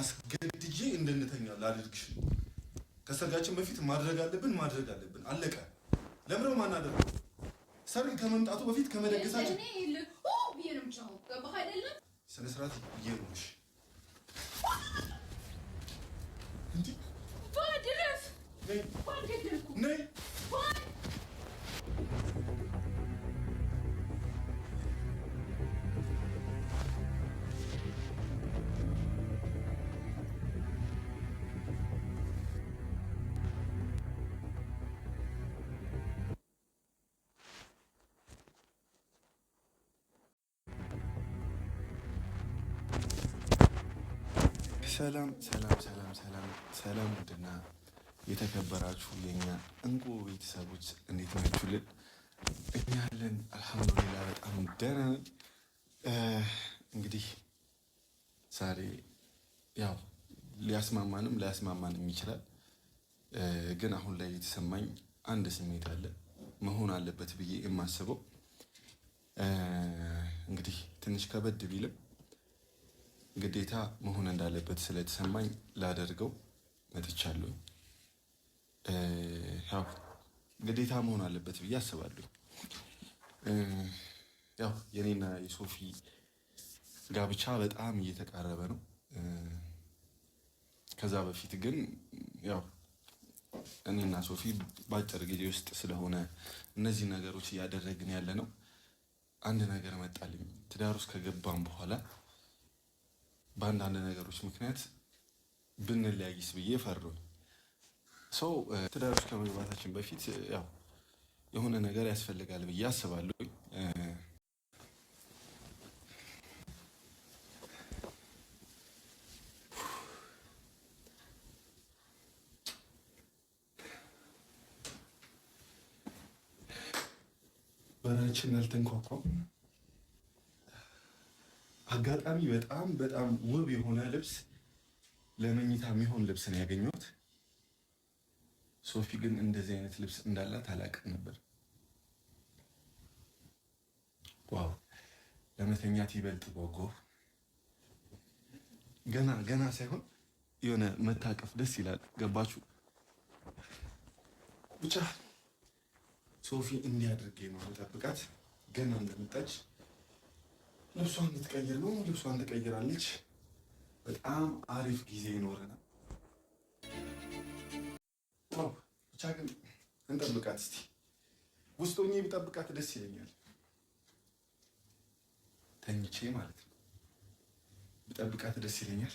አስገድጄ እንድንተኛ ላድርግሽ። ከሰርጋችን በፊት ማድረግ አለብን ማድረግ አለብን። አለቀ። ለምረው ማናደርገው ሰርግ ከመምጣቱ በፊት ከመደገሳችን ስነ ስርዓት እየኖሽ እንዴ ሰላም ሰላም ሰላም ሰላም ሰላም ውድና የተከበራችሁ የኛ እንቁ ቤተሰቦች እንዴት ናችሁልን? እኛ ያለን አልሐምዱሊላ በጣም ደህና ነን። እንግዲህ ዛሬ ያው ሊያስማማንም ሊያስማማንም ይችላል። ግን አሁን ላይ የተሰማኝ አንድ ስሜት አለ መሆን አለበት ብዬ የማስበው እንግዲህ ትንሽ ከበድ ቢልም ግዴታ መሆን እንዳለበት ስለተሰማኝ ላደርገው መጥቻለሁ። ያው ግዴታ መሆን አለበት ብዬ አስባለሁ። ያው የኔና የሶፊ ጋብቻ በጣም እየተቃረበ ነው። ከዛ በፊት ግን ያው እኔና ሶፊ በአጭር ጊዜ ውስጥ ስለሆነ እነዚህ ነገሮች እያደረግን ያለ ነው። አንድ ነገር መጣልኝ። ትዳር ውስጥ ከገባም በኋላ በአንዳንድ ነገሮች ምክንያት ብንለያይስ ብዬ ፈሩኝ። ሰው ትዳር ውስጥ ከመግባታችን በፊት ያው የሆነ ነገር ያስፈልጋል ብዬ አስባሉ። በራችን አልተንኳኳም። አጋጣሚ በጣም በጣም ውብ የሆነ ልብስ ለመኝታ የሚሆን ልብስ ነው ያገኘሁት። ሶፊ ግን እንደዚህ አይነት ልብስ እንዳላት አላውቅም ነበር። ዋው ለመተኛት ይበልጥ ጓጓ። ገና ገና ሳይሆን የሆነ መታቀፍ ደስ ይላል። ገባችሁ? ብቻ ሶፊ እንዲያድርጌ ነው የምጠብቃት ገና እንደመጣች ልብሷን ልትቀይር ነው። ልብሷን ትቀይራለች። በጣም አሪፍ ጊዜ ይኖረናል። ብቻ ግን እንጠብቃት እስቲ። ውስጥ ሆኜ ደስ ይለኛል። ተኝቼ ማለት ነው ብጠብቃት ደስ ይለኛል።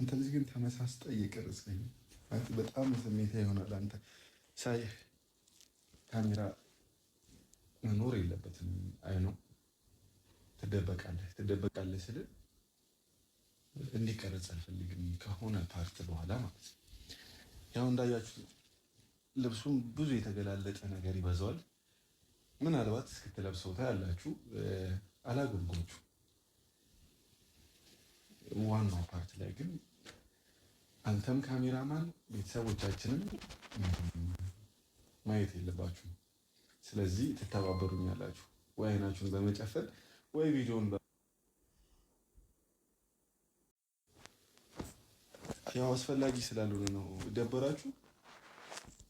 አንተ ልጅ ግን ተመሳስጠህ እየቀረጽከኝ በጣም ስሜታ ይሆናል። አንተ ሳይህ ካሜራ መኖር የለበትም። አይ ነው ትደበቃለህ፣ ትደበቃለህ ስል እንዲቀረጽ አልፈልግም። ከሆነ ፓርት በኋላ ማለት ነው። ያው እንዳያችሁ ልብሱም ብዙ የተገላለጠ ነገር ይበዛዋል። ምናልባት እስክትለብሰው ታያላችሁ። አላጎልጎቹ ዋናው ፓርት ላይ ግን አንተም ካሜራማን ቤተሰቦቻችንም ማየት የለባችሁም። ስለዚህ ትተባበሩኛላችሁ ወይ አይናችሁን በመጨፈል ወይ ቪዲዮን ያው አስፈላጊ ስላልሆነ ነው። ደበራችሁ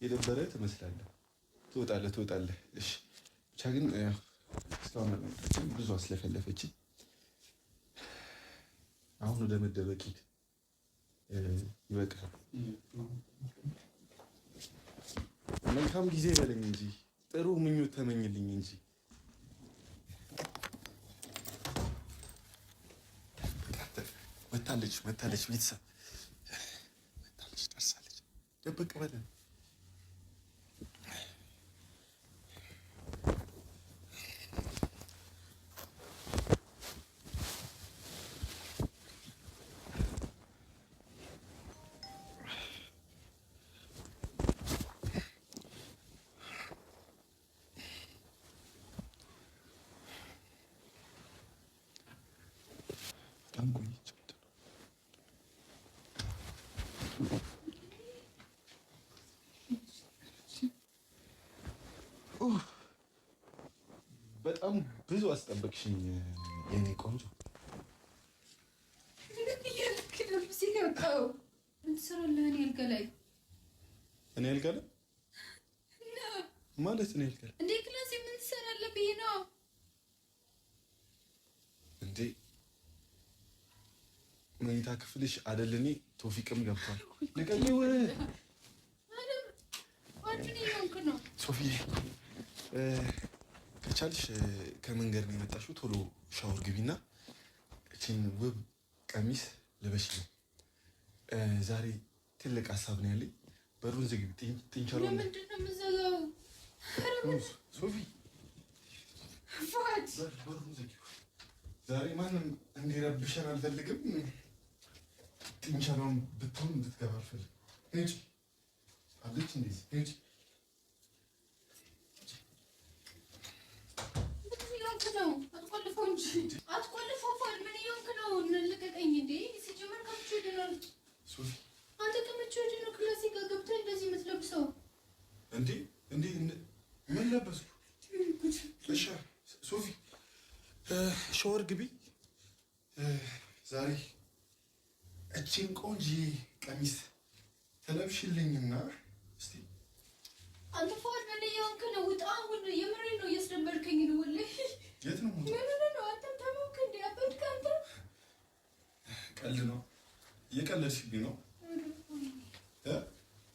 የደበረ ትመስላለህ። ትወጣለህ ትወጣለህ። እሺ ብቻ ግን እስካሁን ብዙ አስለፈለፈችን። አሁን ወደ መደበቂት ይበቃል። መልካም ጊዜ በለኝ እንጂ ጥሩ ምኞት ተመኝልኝ እንጂ መታለች መታለች ቤተሰብ መታለች ደርሳለች። ደበቅ በለን በጣም ብዙ አስጠበቅሽኝ የኔ ቆንጆ። እኔ አልጋ ላይ ማለት እኔ አልጋ ላይ እንዴ ክላስ ምን ትሰራለህ ብዬ ነው እንዴ። መኝታ ክፍልሽ አይደል? እኔ ቶፊቅም ገብቷል። ልቀይው ሶፊዬ ከቻልሽ ከመንገድ ነው የመጣሽው፣ ቶሎ ሻወር ግቢና እችን ውብ ቀሚስ ልበሽ ነው። ዛሬ ትልቅ ሀሳብ ነው ያለኝ። በሩን ዝግቢ። ጥንቻሎ ሶፊ ዛሬ ማንም እንዲረብሸን አልፈልግም። ጥንቻሎን ብትሆን እንድትገባ አልፈልግም። እየሆንክ ነው? አትቆልፈው እንጂ አትቆልፈው። ምን እየሆንክ ነው? ልቀቀኝ እንዴ! ሲጀመር ከምቹ ይድናል። አንተ ከምቹ ይድን ክላሴ ጋር ገብተህ እንደዚህ የምትለብሰው እንዴ? እንዴ! ምን ለበስኩ? ሶፊ ሻወር ግቢ እየቀለድሽብኝ ነው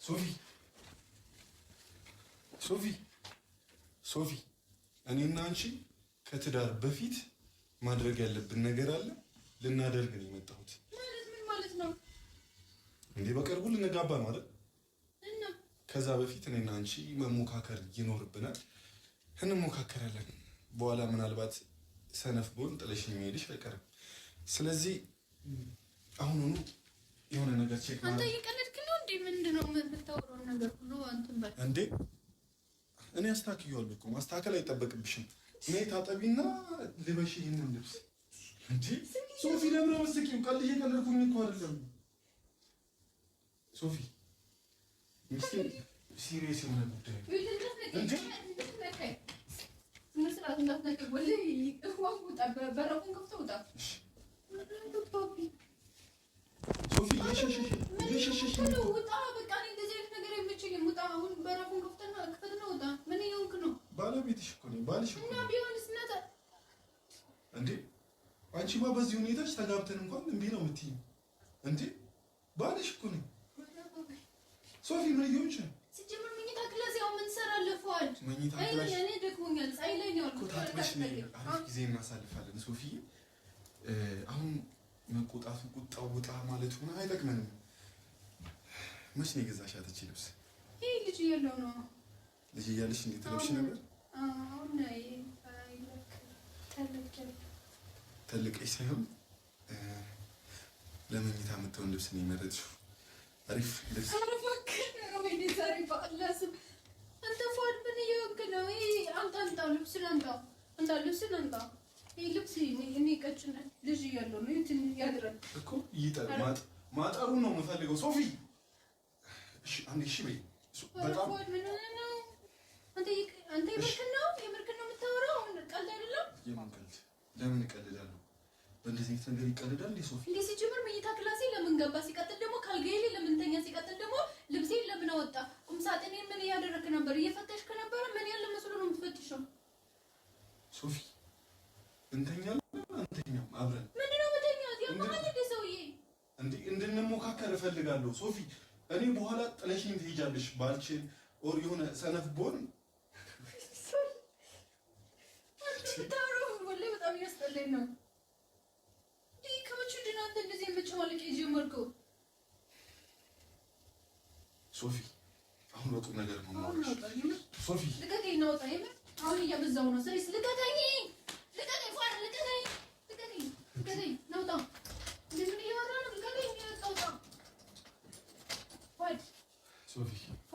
ሶፊ ሶፊ ሶፊ እኔና አንቺ ከትዳር በፊት ማድረግ ያለብን ነገር አለ። ልናደርግ ነው የመጣሁት። ማለት ምን ማለት ነው እንዴ? በቅርቡ ልንጋባ ነው አይደል? እና ከዛ በፊት እኔና አንቺ መሞካከር ይኖርብናል። እንሞካከራለን። በኋላ ምናልባት ሰነፍ ብሆን ጥለሽ የሚሄድሽ አይቀርም። ስለዚህ አሁኑኑ የሆነ ነገር ቼክ አንተ እየቀለድክ ነው እንዴ? ምንድነው የምታወራው ነገር ሁሉ አንተም ባል እንዴ? እኔ አስታክየዋለሁ እኮ ማስተካከል አይጠበቅብሽም። እኔ ታጠቢና ልበሽ ይሄንን ልብስ እንዴ። ሶፊ ለምን አመሰኪው? ቃል እየቀለድኩኝ እኮ አይደለም ሶፊ። ሚስቲ ሲሪየስ የሆነ ጉዳይ እንዴ ስነስርዓት እንዳትነቀቅ ወላሂ ይቅርዋሁ ጠበረቁን ከፍተውጣ ባለቤትሽ እኮ ነኝ ባልሽ እኮ ነኝ። እንዴ አንቺማ በዚህ ሁኔታች ተጋብተን እንኳን እምቢ ነው የምትይኝ? እንዴ ባልሽ እኮ ነኝ ሶፊ። ምን እየሆንሽ ነው? ሲጀምር መኝታ ክላስ ያው ምን ሰራ ለፈዋል። መኝታ ክላስ እኔ ደክሞኛል። ፀሐይ ላይ ነው እኮ ታጥበሽ ነው። አሪፍ ጊዜ እናሳልፋለን ሶፊ አሁን መቆጣቱ ቁጣው ውጣ ማለት ሆነ አይጠቅመንም። መቼ ነው የገዛሽ አትች ልብስ? ይሄ ልጅ እያለሁ ነው። ልጅ እያለሽ እንዴት ትለብሽ ነበር? ተልቀሽ ሳይሆን ለመኝታ የምትሆን ልብስ ነው የመረጥሽው። አሪፍ ልብስ አንተ ፏድ ምን እየወግ ነው? ልብስ ልጅ እያለሁ ነው ያድራል እኮ ይጠማጥ ማጠሩ ነው የምፈልገው። ሶፊ እሺ፣ አንዴ እሺ በይ። በጣም አንተ ነው የምርክን ነው የምታወራው? ቀልድ አይደለም። የማን ቀልድ? ለምን እቀልዳለሁ? በእንደዚህ ነገር ይቀልዳል ሶፊ? ለምን ገባ? ሶፊ እኔ በኋላ ጥለሽኝ ትሄጃለሽ ባልችል ኦር የሆነ ሰነፍ ቦን ሶፊ? አሁን ወጡ ነገር ነው ሶፊ። ልቀቀኝ ነው አሁን እያበዛው ነው። ስለዚህ ልቀቀኝ፣ ልቀቀኝ፣ ልቀቀኝ፣ ልቀቀኝ፣ ልቀቀኝ ነው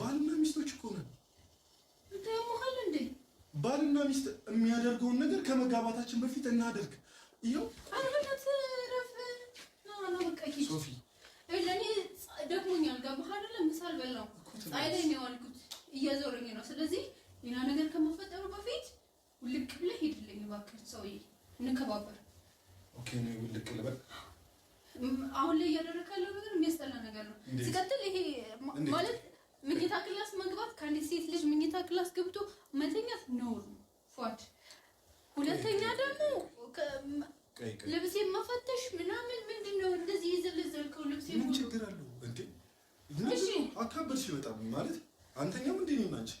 ባልና ሚስቶች እኮ ነን። ባልና ሚስት የሚያደርገውን ነገር ከመጋባታችን በፊት እናደርግ። ይኸው ሶፊ ለእኔ ደክሞኛል። ገባህ የዋልኩት እየዞረኝ ነው። ስለዚህ ሌላ ነገር ከመፈጠሩ በፊት ውልቅ ብለህ ሄድልኝ እባክህ። ሰውዬ እንከባበር። ኦኬ ነው። ውልቅ ልበል። አሁን ላይ እያደረክ ያለው ነገር የሚያስጠላ ነገር ነው። ሲቀጥል ይሄ ማለት ምኝታ ክላስ መግባት ከአንድ ሴት ልጅ ምኝታ ክላስ ገብቶ መተኛት ነው ፏድ። ሁለተኛ ደግሞ ልብሴ መፈተሽ ምናምን ምንድን ነው እንደዚህ የዘለዘልከው ልብሴ? ምን ችግር አለው እንዴ? አካበድሽ በጣም ማለት አንተኛም እንዴ ነው ናቸው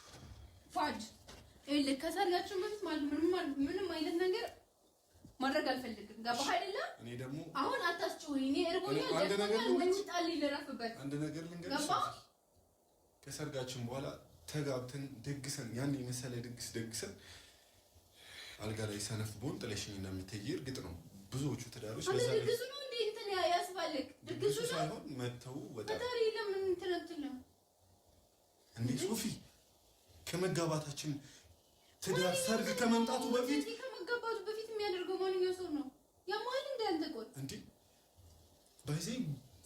ፋድ ይኸውልህ ከሰርጋችሁ በፊት ማለት ምንም አይነት ነገር ማድረግ አልፈልግም። ገባህ አይደለ? እኔ ደግሞ አሁን አታስጨውኝ። እኔ እርቦኛል። አንድ ነገር ልንገርሽ፣ ከሰርጋችን በኋላ ተጋብተን ደግሰን ያን የመሰለ ድግስ ደግሰን አልጋ ላይ ሰነፍ ብሆን ጥለሽኝ እና የምትሄጂ እርግጥ ነው ብዙዎቹ ትዳሮች በዛ ድግሱ ነው እንዴ እንትን ያስፈልግ ድግሱ ነው ሳይሆን መተው ወጣ ታሪ ለምን ነው ከመጋባታችን ትዳር ሰርግ ከመምጣቱ በፊት ከመጋባቱ በፊት የሚያደርገው ማንኛው ሰው ነው ያማል እንዳንተቆል እንዴ በዚህ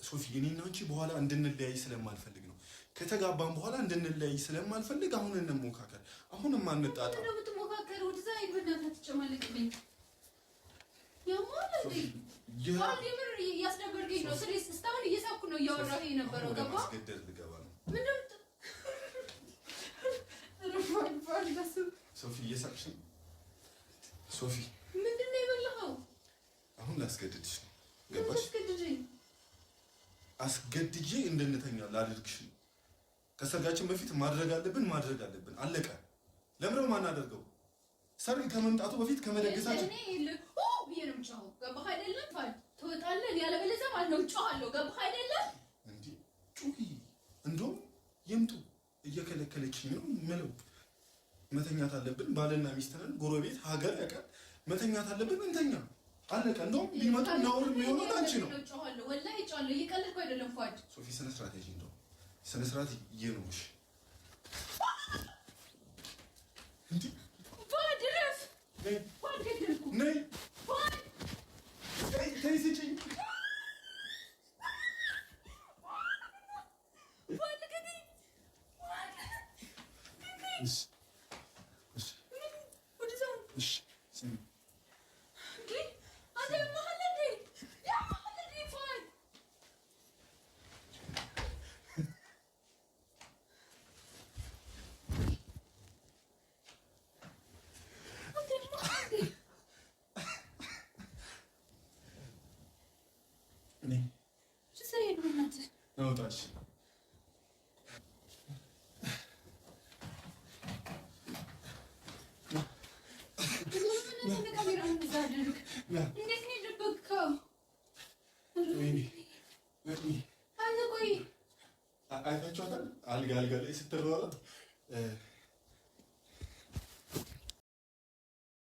ሶፊ እኔና አንቺ በኋላ እንድንለያይ ስለማልፈልግ ነው። ከተጋባን በኋላ እንድንለያይ ስለማልፈልግ አሁን እንሞካከር። አሁን ማንጣጣ ነው ነው። ስለዚህ እየሳኩ ነው ሶፊ እየሳቅሽ ነው። ሶፊ ምንድን ነው የበላኸው? አሁን ላስገድድሽ ነው። ገባሽ? አስገድጄ እንድንተኛ ላድርግሽ ነው። ከሰርጋችን በፊት ማድረግ አለብን፣ ማድረግ አለብን። አለቀ። ለምንም አናደርገው። ሰርግ ከመምጣቱ በፊት ከመደገሳችን ትወጣለህ። ያለበለዚያ ማለት እጮሃለሁ። ገባህ አይደለም? እንደውም ይምጡ። እየከለከለችኝ ነው የምለው መተኛት አለብን። ባልና ሚስት ጎረቤት፣ ሀገር ያውቃል። መተኛት አለብን። እንተኛ አለቀ። እንደውም ቢመጡ ነውር የሚሆነው አንቺ ነው። ወላሂ እየቀለድኩ አይደለም። ፏድ ሶፊ ስነ ስርዓት ያዥ እንደው ስነ ስርዓት እየኖርሽ አይታችኋታል አልጋ አልጋ ላይ ስትሯሯጥ